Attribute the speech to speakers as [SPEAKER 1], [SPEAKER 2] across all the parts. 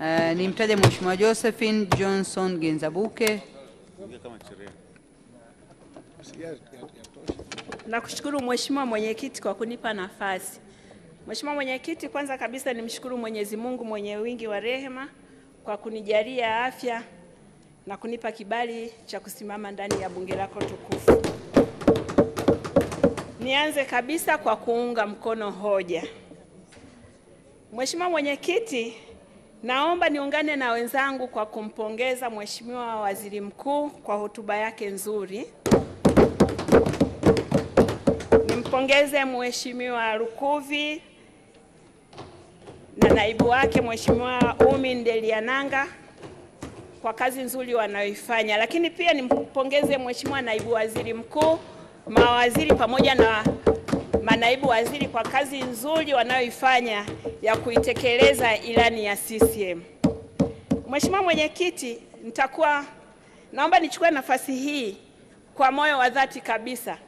[SPEAKER 1] Uh, eh, nimtaje Mheshimiwa Josephine Johnson Genzabuke.
[SPEAKER 2] Nakushukuru Mheshimiwa Mwenyekiti kwa kunipa nafasi. Mheshimiwa Mwenyekiti, kwanza kabisa nimshukuru Mwenyezi Mungu mwenye wingi wa rehema kwa kunijalia afya na kunipa kibali cha kusimama ndani ya bunge lako tukufu. Nianze kabisa kwa kuunga mkono hoja. Mheshimiwa Mwenyekiti, Naomba niungane na wenzangu kwa kumpongeza Mheshimiwa Waziri Mkuu kwa hotuba yake nzuri. Nimpongeze Mheshimiwa Lukuvi na naibu wake Mheshimiwa Umi Ndeliananga kwa kazi nzuri wanayoifanya, lakini pia nimpongeze Mheshimiwa Naibu Waziri Mkuu, mawaziri pamoja na manaibu waziri kwa kazi nzuri wanayoifanya ya kuitekeleza ilani ya CCM. Mheshimiwa Mwenyekiti, nitakuwa naomba nichukue nafasi hii kwa moyo wa dhati kabisa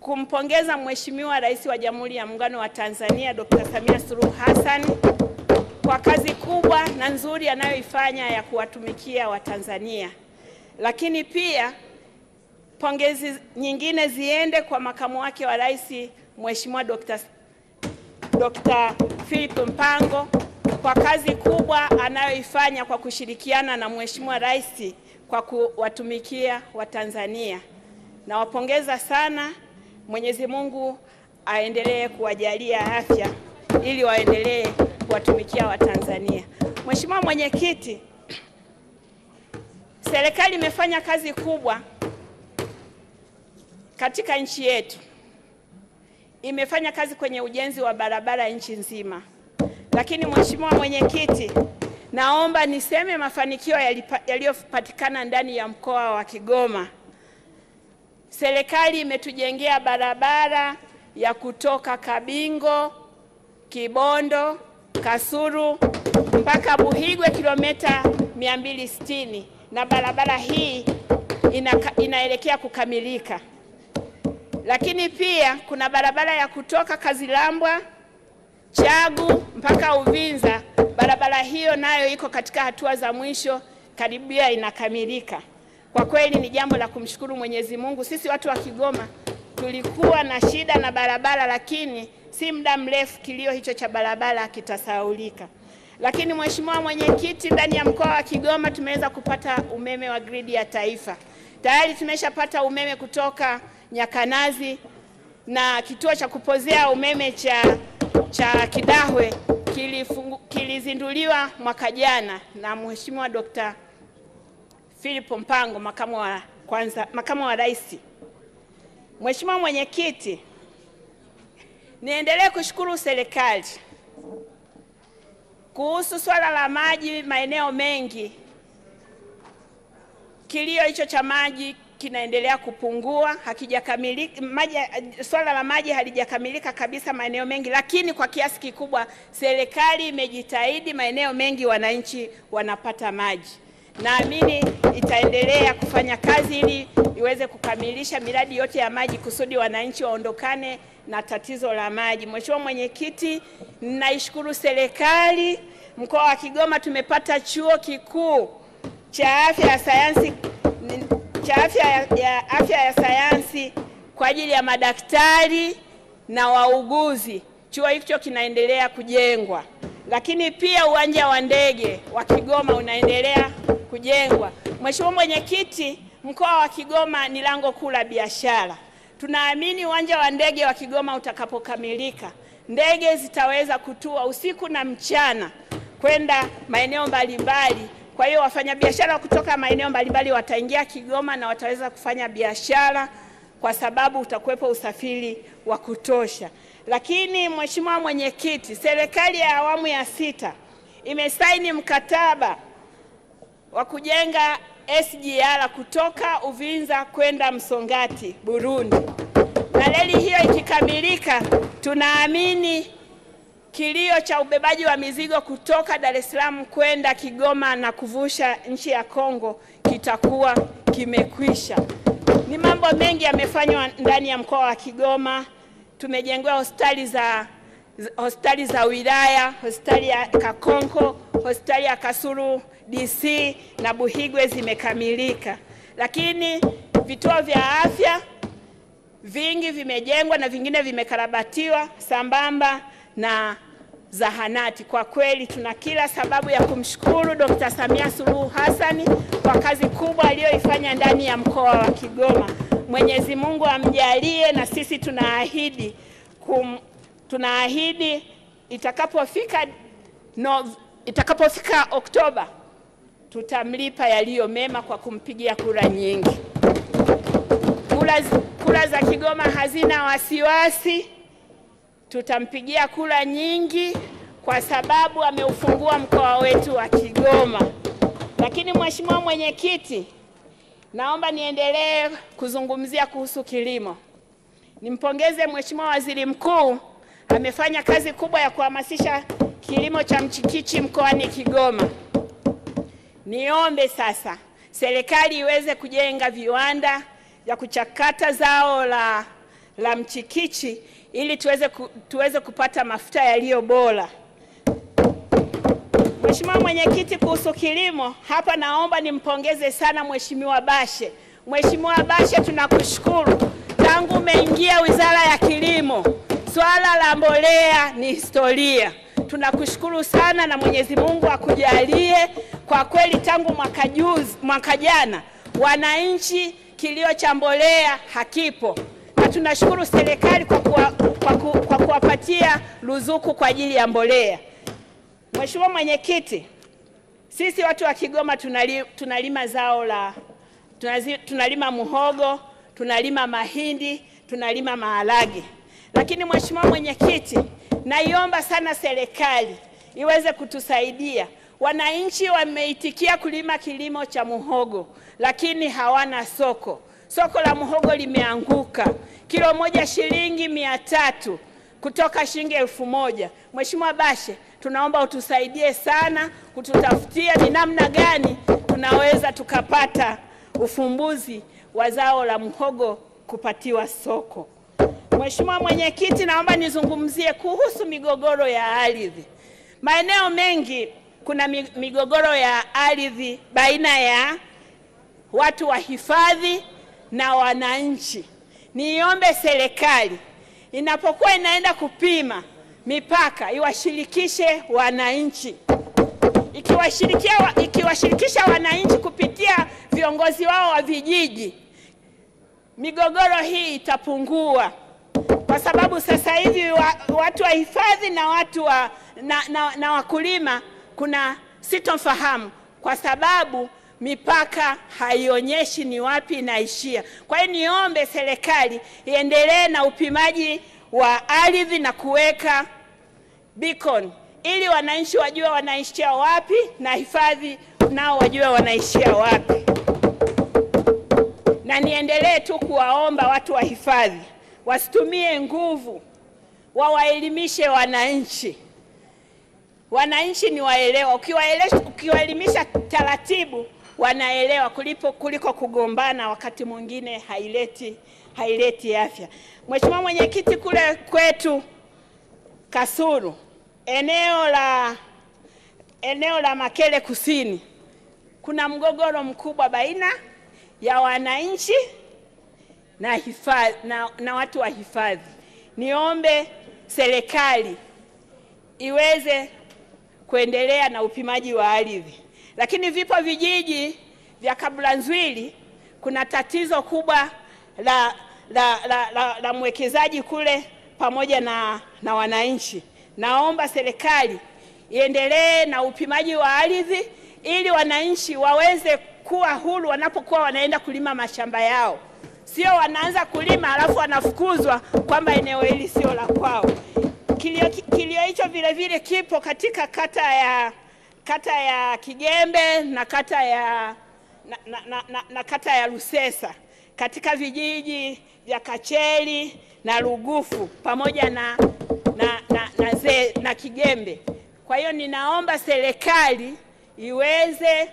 [SPEAKER 2] kumpongeza Mheshimiwa Rais wa Jamhuri ya Muungano wa Tanzania Dr. Samia Suluhu Hassan kwa kazi kubwa na nzuri anayoifanya ya kuwatumikia Watanzania. Lakini pia pongezi nyingine ziende kwa makamu wake wa rais Mheshimiwa Dr. Dr. Philip Mpango kwa kazi kubwa anayoifanya kwa kushirikiana na Mheshimiwa Rais kwa kuwatumikia Watanzania. Nawapongeza sana. Mwenyezi Mungu aendelee kuwajalia afya ili waendelee kuwatumikia Watanzania. Mheshimiwa Mwenyekiti, serikali imefanya kazi kubwa katika nchi yetu imefanya kazi kwenye ujenzi wa barabara nchi nzima. Lakini Mheshimiwa Mwenyekiti, naomba niseme mafanikio yaliyopatikana ndani ya mkoa wa Kigoma. Serikali imetujengea barabara ya kutoka Kabingo, Kibondo, Kasuru mpaka Buhigwe kilomita 260 na barabara hii ina, inaelekea kukamilika. Lakini pia kuna barabara ya kutoka Kazilambwa Chagu mpaka Uvinza. Barabara hiyo nayo iko katika hatua za mwisho, karibia inakamilika. Kwa kweli ni jambo la kumshukuru Mwenyezi Mungu. Sisi watu wa Kigoma tulikuwa na shida na barabara, lakini si muda mrefu kilio hicho cha barabara kitasaulika Lakini Mheshimiwa Mwenyekiti, ndani ya mkoa wa Kigoma tumeweza kupata umeme wa gridi ya taifa. Tayari tumeshapata umeme kutoka Nyakanazi na kituo cha kupozea umeme cha, cha Kidahwe kilizinduliwa mwaka jana na Mheshimiwa Dr. Philip Mpango, makamu wa kwanza, makamu wa rais. Mheshimiwa Mwenyekiti, niendelee kushukuru serikali kuhusu swala la maji. Maeneo mengi kilio hicho cha maji kinaendelea kupungua, hakijakamilika maji, swala la maji halijakamilika kabisa maeneo mengi, lakini kwa kiasi kikubwa serikali imejitahidi, maeneo mengi wananchi wanapata maji. Naamini itaendelea kufanya kazi ili iweze kukamilisha miradi yote ya maji kusudi wananchi waondokane na tatizo la maji. Mheshimiwa Mwenyekiti, naishukuru serikali. Mkoa wa Kigoma tumepata chuo kikuu cha afya ya sayansi cha afya ya, ya, afya ya sayansi kwa ajili ya madaktari na wauguzi. Chuo hicho kinaendelea kujengwa, lakini pia uwanja wa ndege wa Kigoma unaendelea kujengwa. Mheshimiwa Mwenyekiti, mkoa wa Kigoma ni lango kuu la biashara. Tunaamini uwanja wa ndege wa Kigoma utakapokamilika, ndege zitaweza kutua usiku na mchana kwenda maeneo mbalimbali kwa hiyo wafanyabiashara kutoka maeneo mbalimbali wataingia Kigoma na wataweza kufanya biashara kwa sababu utakuwepo usafiri wa kutosha. Lakini Mheshimiwa Mwenyekiti, serikali ya awamu ya sita imesaini mkataba wa kujenga SGR kutoka Uvinza kwenda Msongati, Burundi, na reli hiyo ikikamilika, tunaamini Kilio cha ubebaji wa mizigo kutoka Dar es Salaam kwenda Kigoma na kuvusha nchi ya Kongo kitakuwa kimekwisha. Ni mambo mengi yamefanywa ndani ya mkoa wa Kigoma. Tumejengewa hospitali za hospitali za wilaya, hospitali ya Kakonko, hospitali ya Kasulu DC na Buhigwe zimekamilika, lakini vituo vya afya vingi vimejengwa na vingine vimekarabatiwa sambamba na zahanati. Kwa kweli tuna kila sababu ya kumshukuru Dr. Samia Suluhu Hassan kwa kazi kubwa aliyoifanya ndani ya mkoa wa Kigoma. Mwenyezi Mungu amjalie, na sisi tunaahidi kum, tunaahidi itakapofika no, itakapofika Oktoba tutamlipa yaliyo mema kwa kumpigia kura nyingi. Kura, kura za Kigoma hazina wasiwasi tutampigia kura nyingi kwa sababu ameufungua mkoa wetu wa Kigoma. Lakini Mheshimiwa Mwenyekiti, naomba niendelee kuzungumzia kuhusu kilimo. Nimpongeze Mheshimiwa Waziri Mkuu, amefanya kazi kubwa ya kuhamasisha kilimo cha mchikichi mkoani Kigoma. Niombe sasa serikali iweze kujenga viwanda vya kuchakata zao la, la mchikichi ili tuweze, ku, tuweze kupata mafuta yaliyo bora. Mheshimiwa Mwenyekiti, kuhusu kilimo hapa naomba nimpongeze sana Mheshimiwa Bashe. Mheshimiwa Bashe, tunakushukuru tangu umeingia Wizara ya Kilimo, swala la mbolea ni historia. Tunakushukuru sana na Mwenyezi Mungu akujalie. Kwa kweli tangu mwaka juzi, mwaka jana wananchi kilio cha mbolea hakipo tunashukuru serikali kwa kuwapatia kwa, kwa, kwa, kwa ruzuku kwa ajili ya mbolea. Mheshimiwa Mwenyekiti, sisi watu wa Kigoma tunalima, tunalima zao la tunalima muhogo, tunalima mahindi, tunalima maharage. Lakini Mheshimiwa Mwenyekiti, naiomba sana serikali iweze kutusaidia. Wananchi wameitikia kulima kilimo cha muhogo, lakini hawana soko. Soko la muhogo limeanguka kilo moja shilingi mia tatu kutoka shilingi elfu moja. Mheshimiwa Bashe, tunaomba utusaidie sana kututafutia ni namna gani tunaweza tukapata ufumbuzi wa zao la mhogo kupatiwa soko. Mheshimiwa Mwenyekiti, naomba nizungumzie kuhusu migogoro ya ardhi. Maeneo mengi kuna migogoro ya ardhi baina ya watu wa hifadhi na wananchi. Niombe serikali inapokuwa inaenda kupima mipaka iwashirikishe wananchi, ikiwashirikisha wananchi kupitia viongozi wao wa vijiji, migogoro hii itapungua, kwa sababu sasa hivi wa, watu wa hifadhi na watu wa, na, na, na wakulima kuna sitofahamu kwa sababu mipaka haionyeshi ni wapi inaishia. Kwa hiyo niombe serikali iendelee na upimaji wa ardhi na kuweka beacon ili wananchi wajue wanaishia wapi na hifadhi nao wajue wanaishia wapi. Na niendelee tu kuwaomba watu wa hifadhi wasitumie nguvu, wawaelimishe wananchi. Wananchi ni waelewa, ukiwaelimisha taratibu wanaelewa kulipo kuliko kugombana, wakati mwingine haileti haileti afya. Mheshimiwa Mwenyekiti, kule kwetu Kasulu eneo la eneo la Makele Kusini kuna mgogoro mkubwa baina ya wananchi na, hifadhi, na, na watu wa hifadhi. Niombe serikali iweze kuendelea na upimaji wa ardhi. Lakini vipo vijiji vya Kablanzwili, kuna tatizo kubwa la, la, la, la, la mwekezaji kule pamoja na, na wananchi. Naomba serikali iendelee na upimaji wa ardhi ili wananchi waweze kuwa huru wanapokuwa wanaenda kulima mashamba yao, sio wanaanza kulima alafu wanafukuzwa kwamba eneo hili sio la kwao. Kilio hicho vilevile kipo katika kata ya kata ya Kigembe na kata ya, na, na, na, na, na kata ya Lusesa katika vijiji vya Kacheli na Lugufu pamoja na, na, na, na, ze, na Kigembe. Kwa hiyo ninaomba serikali iweze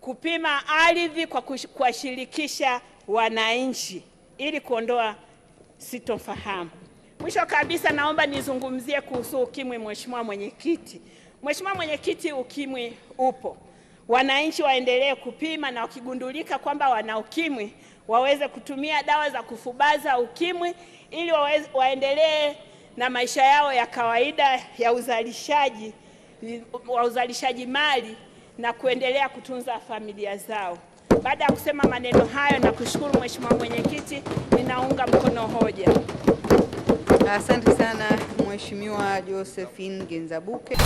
[SPEAKER 2] kupima ardhi kwa kuwashirikisha wananchi ili kuondoa sitofahamu. Mwisho kabisa, naomba nizungumzie kuhusu ukimwi, Mheshimiwa Mwenyekiti. Mheshimiwa Mwenyekiti, ukimwi upo, wananchi waendelee kupima na wakigundulika kwamba wana ukimwi waweze kutumia dawa za kufubaza ukimwi ili waweze, waendelee na maisha yao ya kawaida ya uzalishaji wa uzalishaji mali na kuendelea kutunza familia zao. Baada ya kusema maneno hayo na kushukuru Mheshimiwa Mwenyekiti, ninaunga mkono hoja.
[SPEAKER 1] Asante sana Mheshimiwa Josephine Genzabuke.